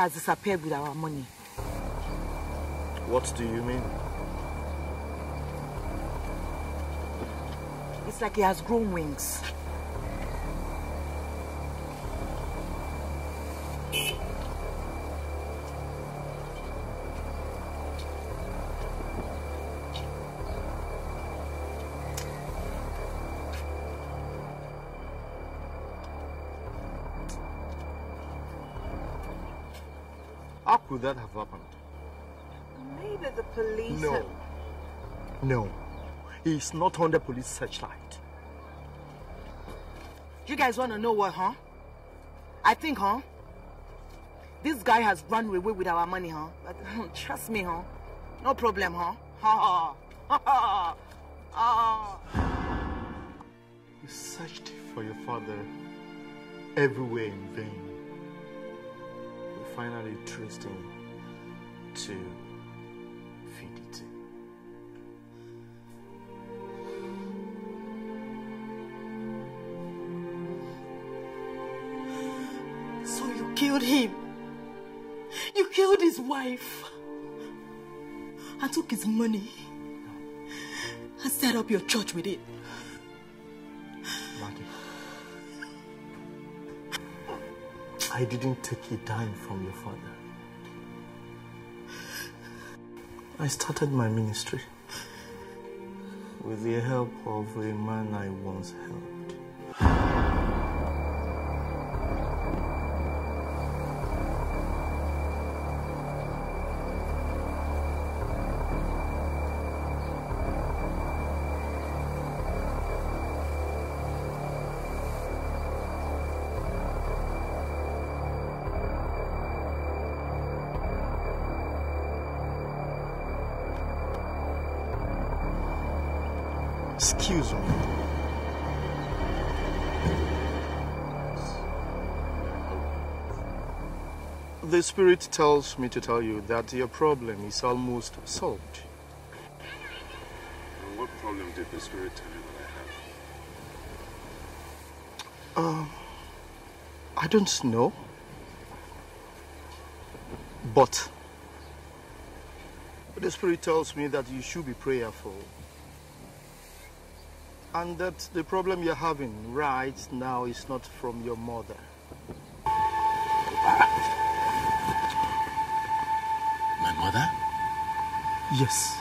has disappeared with our money. What do you mean? It's like he has grown wings. would that have happened? Maybe the police. No. Have... No. He's not on the police searchlight. You guys want to know what, huh? I think, huh? This guy has run away with our money, huh? But oh, trust me, huh? No problem, huh? Ha ha. Ha ha. You searched for your father everywhere in vain finally trusting to feed it. So you killed him. You killed his wife. I took his money. I set up your church with it. I didn't take a dime from your father. I started my ministry with the help of a man I once helped. Spirit tells me to tell you that your problem is almost solved. And what problem did the Spirit tell you that I have? Um, I don't know. But the Spirit tells me that you should be prayerful. And that the problem you're having right now is not from your mother. Yes,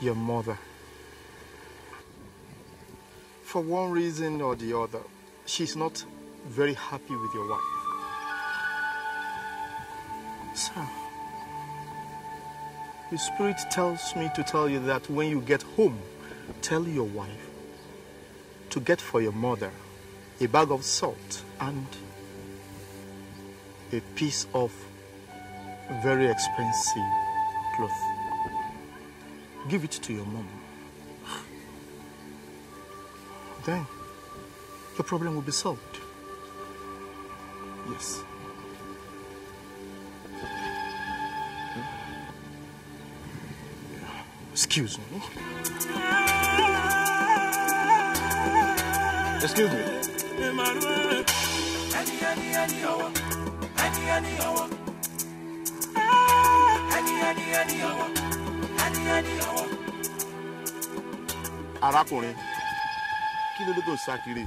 your mother. For one reason or the other, she's not very happy with your wife. Sir, Your spirit tells me to tell you that when you get home, tell your wife to get for your mother a bag of salt and a piece of very expensive cloth. Give it to your mom. Then your problem will be solved. Yes. Excuse me. Excuse me. arákùnrin kí ló dé tó ń sá kiri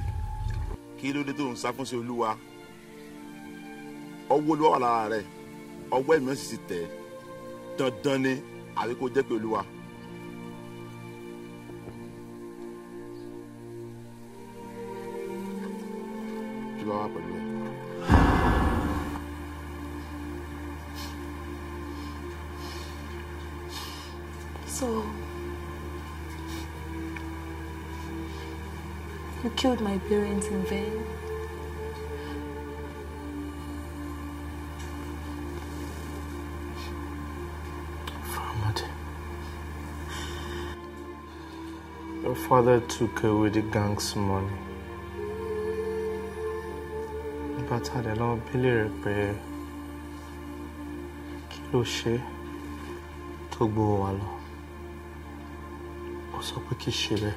kí ló dé tó ń sá fún sí olúwa ọwọ́ olúwa wà lára rẹ ọwọ́ ìmọ̀ sì ti tẹ̀ dandan ni àbí kó jẹ́ pé olúwa. killed my parents in vain. Your father took away the gang's money. But I don't know, Billy repair. Kí ló ṣe tó gbowó wa lọ? Ó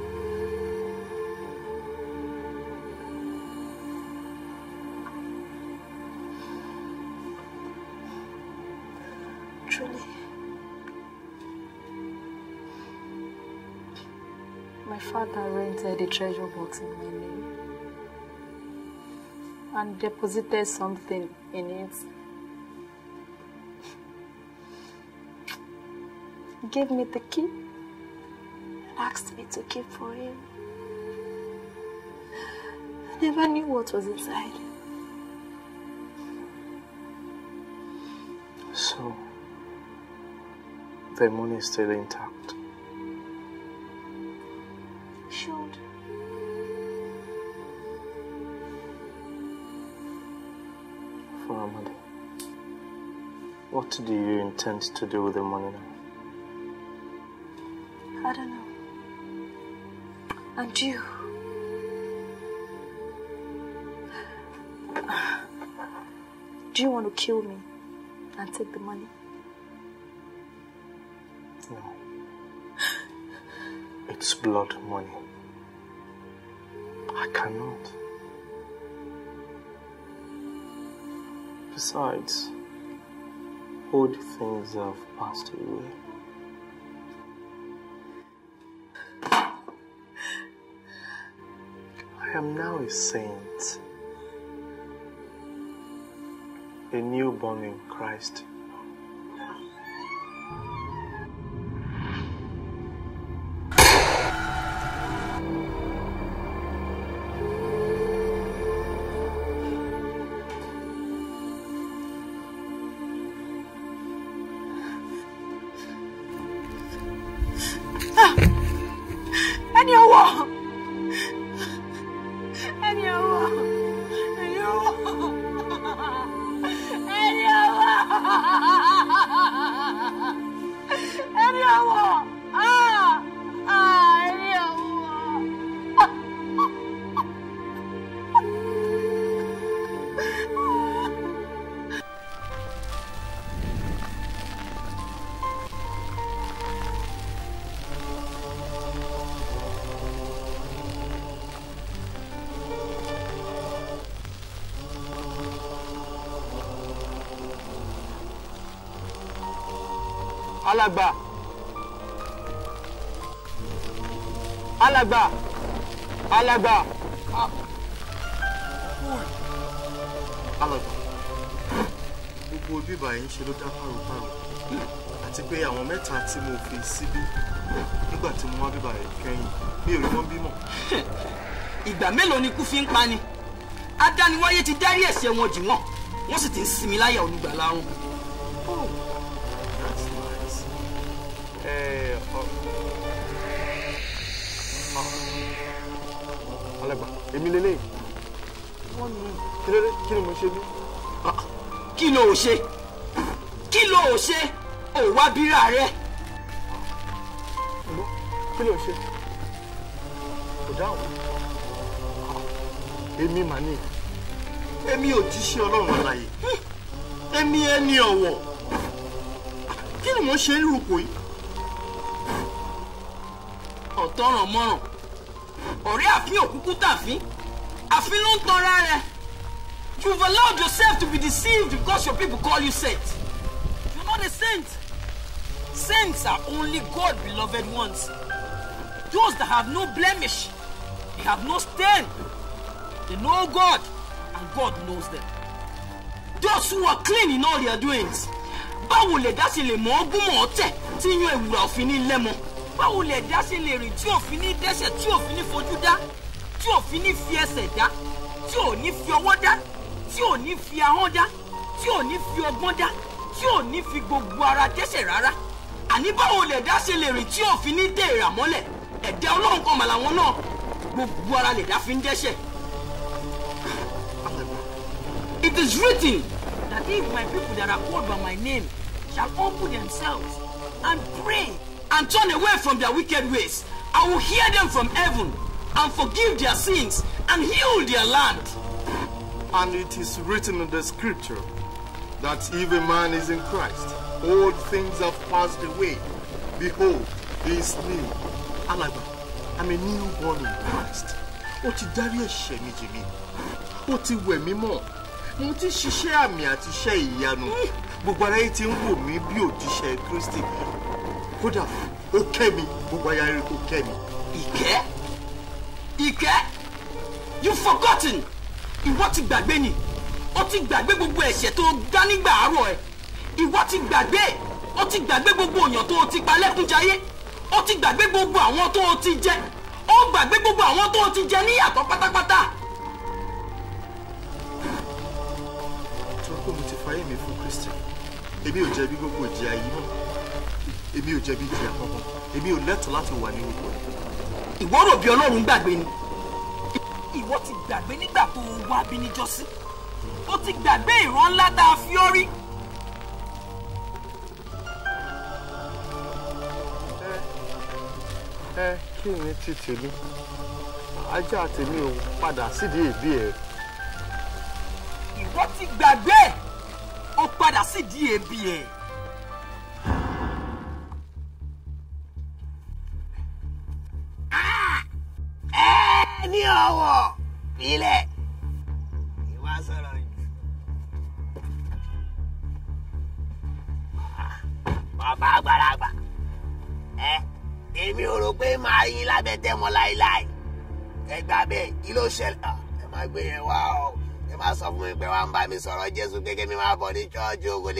My father rented a treasure box in my name and deposited something in it. gave me the key, asked me to keep for him. I never knew what was inside. So, the money is still intact. What do you intend to do with the money now? I don't know. And you? Do you want to kill me and take the money? No. It's blood money. I cannot. Besides, old things have passed away. I am now a saint, a newborn in Christ. alàgbà alàgbà alàgbà alàgbà gbogbo bíbà yìí ń ṣe ló dá páropáro àti pé àwọn mẹ́ta tí mo fi síbí nígbà tí mo wá bíbà yìí kẹ́yìn mi ò rí wọn bímọ. ìgbà mélòó ni ikú fi ń pa ni adániwáyé ti dárí ẹ̀ṣẹ̀ wọn jù wọ́n wọ́n sì ti ń sinmi láyà olùgbàlà wọn. èmi lélẹ̀ wọ́n ní kéré kí ni mo ṣe bí. Ah, kí ló ò ṣe kí ló ò ṣe ò wá bírà rẹ. kí ló ò ṣe kò dáhùn ah, èmi mà ní èmi ò jíṣẹ́ ọlọ́run àlàyé èmi ẹni ọ̀wọ̀ kí ni mo ṣe ń rúkọ yìí ọ̀tọ̀ràn mọ́ràn ọ̀rẹ́ àfin òkúkú tàfin àfin ló ń tanra rẹ you've allowed yourself to be deceived because your people call you saint you're not a saint saints are only God beloved ones those that have no blemish they have no stain they know God and God knows them those who are clean in all their doings báwo lè dá sí lè mọ́ ogún mọ́ ọ̀tẹ̀ tí yan ìwúrà òfin ní lẹ́mọ́ báwo lè dá ṣe lè rìn tí òfin ní dẹ́sẹ̀ tí òfin ní fojú dá tí òfin ní fi ẹsẹ̀ dá tí ò ní fi ọwọ́ dá tí ò ní fi ahọ́n dá tí ò ní fi ọgbọ́n dá tí ò ní fi gbogbo ara dẹ́sẹ̀ rárá àní báwo lè dá ṣe lè rìn tí òfin ní dé ìràmọ́lẹ̀ ẹ̀dá ọlọ́run kan mà náà gbogbo ara lè dá fi ń dẹ́sẹ̀. It is written that if my people that are called by my name shall humble themselves and pray and turn away from their wicked ways, I will hear them from heaven and forgive their sins and heal their land. And it is written in the scripture that if a man is in Christ, all things have passed away. Behold, he is new. Alaba, I'm a new born in Christ. Ó ti dárí ẹ̀ṣẹ̀ mi jì mí. Ó ti wẹ̀ mí mọ́. Mo ti ṣiṣẹ́ àmì àti iṣẹ́ ìyanu. Gbogbo aráyé ti ń wò mí bí òjíṣẹ́ Kristi kódà ó kẹ́ mi gbogbo ayé rẹ kó kẹ́ mi. ìkẹ́ ìkẹ́ you forgotten ìwọ ti gbàgbé ni ó ti gbàgbé gbogbo ẹ̀ṣẹ̀ tó dá nígbà àárọ̀ ẹ̀ ìwọ ti gbàgbé ó ti gbàgbé gbogbo èèyàn tó ti pa lẹ́kúnjayé ó ti gbàgbé gbogbo àwọn tó ti jẹ ó gbàgbé gbogbo àwọn tó ti jẹ níyàtọ̀ pátápátá. tí wọ́n pè ti fàyè mi fún Kristi èmi ò jẹ̀bi gbogbo ìjìyà yìí mọ́ èmi ò jẹ̀bi ìjìyà kankan èmi ò lẹ́tọ̀ọ́ láti wà ní ipò yìí. ìwọ rò bí ọlọ́run gbàgbé ni ìwọ ti gbàgbé nígbà tó o wá bí níjọ́sí ó ti gbàgbé ìran ńlá tá a fi ọ́ rí. ẹ ẹ kí ni ti tèmi ajá tèmi ò padà sídìí èbí ẹ. ìwọ ti gbàgbé ó padà sídìí èbí ẹ. ní ọ̀wọ̀ fílẹ̀ ìwà sọ̀rọ̀ yìí. Ah, bàbá àgbàlagbà ẹ èmi ò rò pé màá yín lábẹ́tẹ̀ mọ́ láéláé ẹ gbà bẹ́ẹ̀ kí ló ṣẹlẹ̀ ah, ẹ má gbé yẹn wá o ẹ má sọ fún mi pé wàá ń bá mi sọ̀rọ̀ Jésù gẹ́gẹ́ mi máa bọ̀ ní ṣọ́ọ̀ṣì ògùn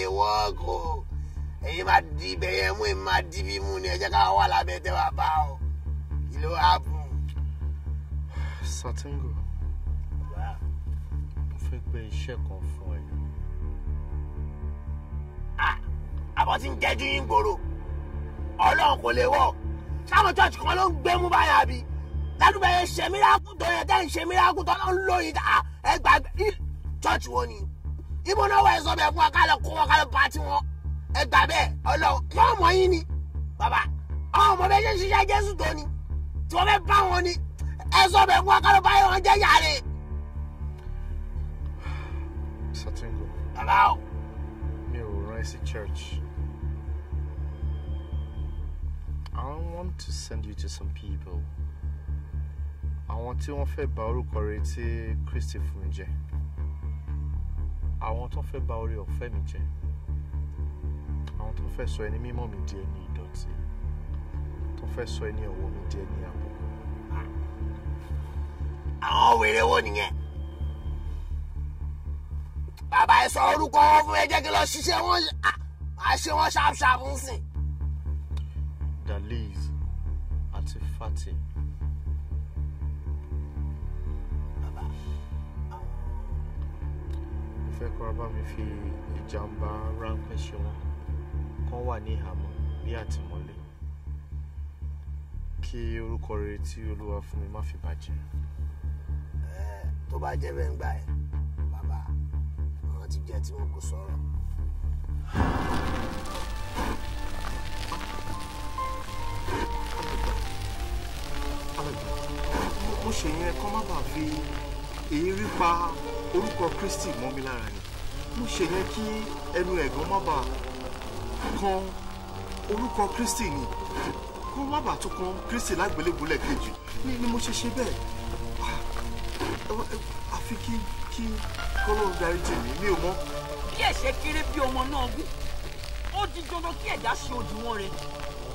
di ibẹ̀ yẹn mú di bí mu ni ẹ jẹ́ ká wà lábẹ́tẹ̀ bàbá o Sátìngò. Mo fẹ́ gbé iṣẹ́ kan fún ẹ. Ah, àwọn tí ń jẹ́jú yín gbòòrò. Ọlọ́run kò lè wọ̀. Táwọn church kan ló ń gbé mú báyà bí. Ládùúgbò yẹn ṣe mí lákùtọ̀ yẹn tẹ́ ń ṣe mí lákùtọ̀ ló ń lóyin ẹgbàá church wo ni. Ibo náà wà ẹ̀sọ́ bẹ̀ fún wa ká lọ kó wọn ká lọ pàtí wọn. Ẹgbà bẹ́ẹ̀ Ọlọ́run yóò mọ̀ yín ni. Bàbá àwọn ọmọ bẹ́ẹ̀ ṣe ń ṣiṣẹ́ Jésù tó ni. Tí wọ́n fẹ́ bá wọn ni ẹ sọ bẹ́ẹ̀ fún akálọ́ báyọ̀ wọn jẹ́ yàrá. Sọtíngo. Bàbá o. Mi ò rán ẹ sí church. I want to send you to some people. Àwọn tí wọ́n fẹ́ bà orúkọ rẹ tí Kristi fún mi jẹ́. Àwọn tó fẹ́ bà orí ọ̀fẹ́ mi jẹ́. Àwọn tó fẹ́ sọ ẹni mímọ́ mi di ẹni ìdọ̀tí. Tó fẹ́ sọ ẹni ọ̀wọ̀ mi di ẹni àbọ̀ àwọn wèrè wo nìyẹn bàbá ẹ sọ orúkọ wọn fún ẹ jẹ́ kí lọ ṣiṣẹ́ wọn ah, máa ṣe wọn ṣàpṣàpù ń sìn. Daliz àti Fati. bàbá fẹ́ kọ́ra bá mi fi ìjàmbá ráńpẹ́ ṣe wọn kán wà ní ìhàmọ́ ní àtìmọ́lé kí orúkọ rere tí olúwa fún mi má fi bàjẹ́ tó bá jẹ́ bẹ́ẹ̀ ń gbà ẹ́ bàbá àwọn ti jẹ́ tí wọn kò sọ̀rọ̀. mo ṣe yẹn kó má bàa fi èérí pa orúkọ Kristi mọ́ mi lára ni mo ṣe yẹn kí ẹnu ẹ̀gàn má bàa kan orúkọ Kristi ni kó má bàa tún kan Kristi lágbélébùlẹ̀ kejì ni mo ṣe ṣe bẹ́ẹ̀ àfi kí kí kọ́lọ́run darí tèmi mi ò mọ̀. bí ẹ̀ṣẹ̀ kéré bí ọmọ náà gùn ó di dandan kí ẹ̀dá ṣe òdiwọ̀n rẹ̀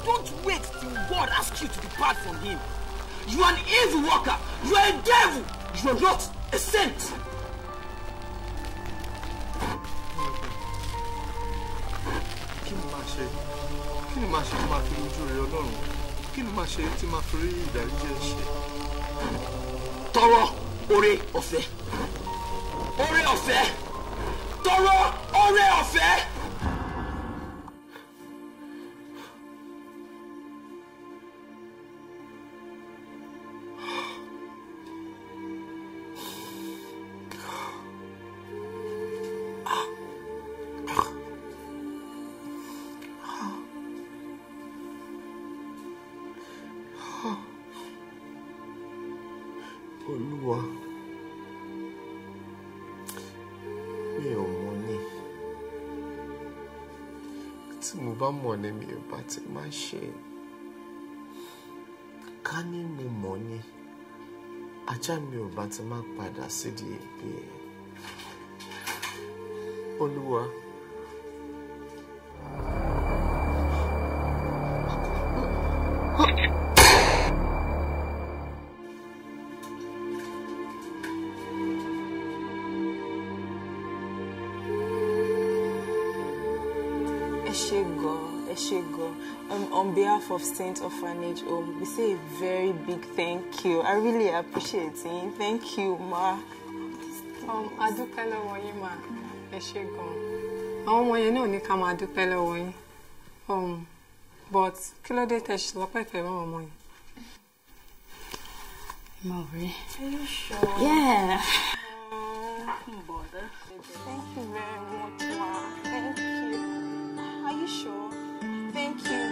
don't wait till God asks you to depart from him you are an evil worker you are a devil you are not a saint. kí ni màá ṣe kí ni màá ṣe tí màá fi ojú rẹ Ọlọ́run kí ni màá ṣe tí màá fi rí ìdáríjì ẹ̀ṣẹ̀ tọrọ. Ore ọ̀fẹ́ oore ọ̀fẹ́ tọrọ oore ọ̀fẹ́. bá mọ̀ ni mi ò bá ti máa ṣe é ká ní mo mọ̀ ni ajá mi ò bá ti máa padà sídìí ìgbé ẹ̀ olúwa. behalf of Saint Orphanage Home, we say a very big thank you. I really appreciate it. Thank you, ma. Um, a dúpẹ́ lọ́wọ́ yín, ma. Ẹ ṣé gan-an. Àwọn ọmọ yẹn náà ní ká máa dúpẹ́ lọ́wọ́ yín. Um, but kí ló dé tẹ́ ṣe lọ́pẹ́ fẹ́ rán ọmọ yẹn? Maury. Are you sure? Yeah. Oh, Thank you very much, ma. Thank you. Are you sure? Thank you.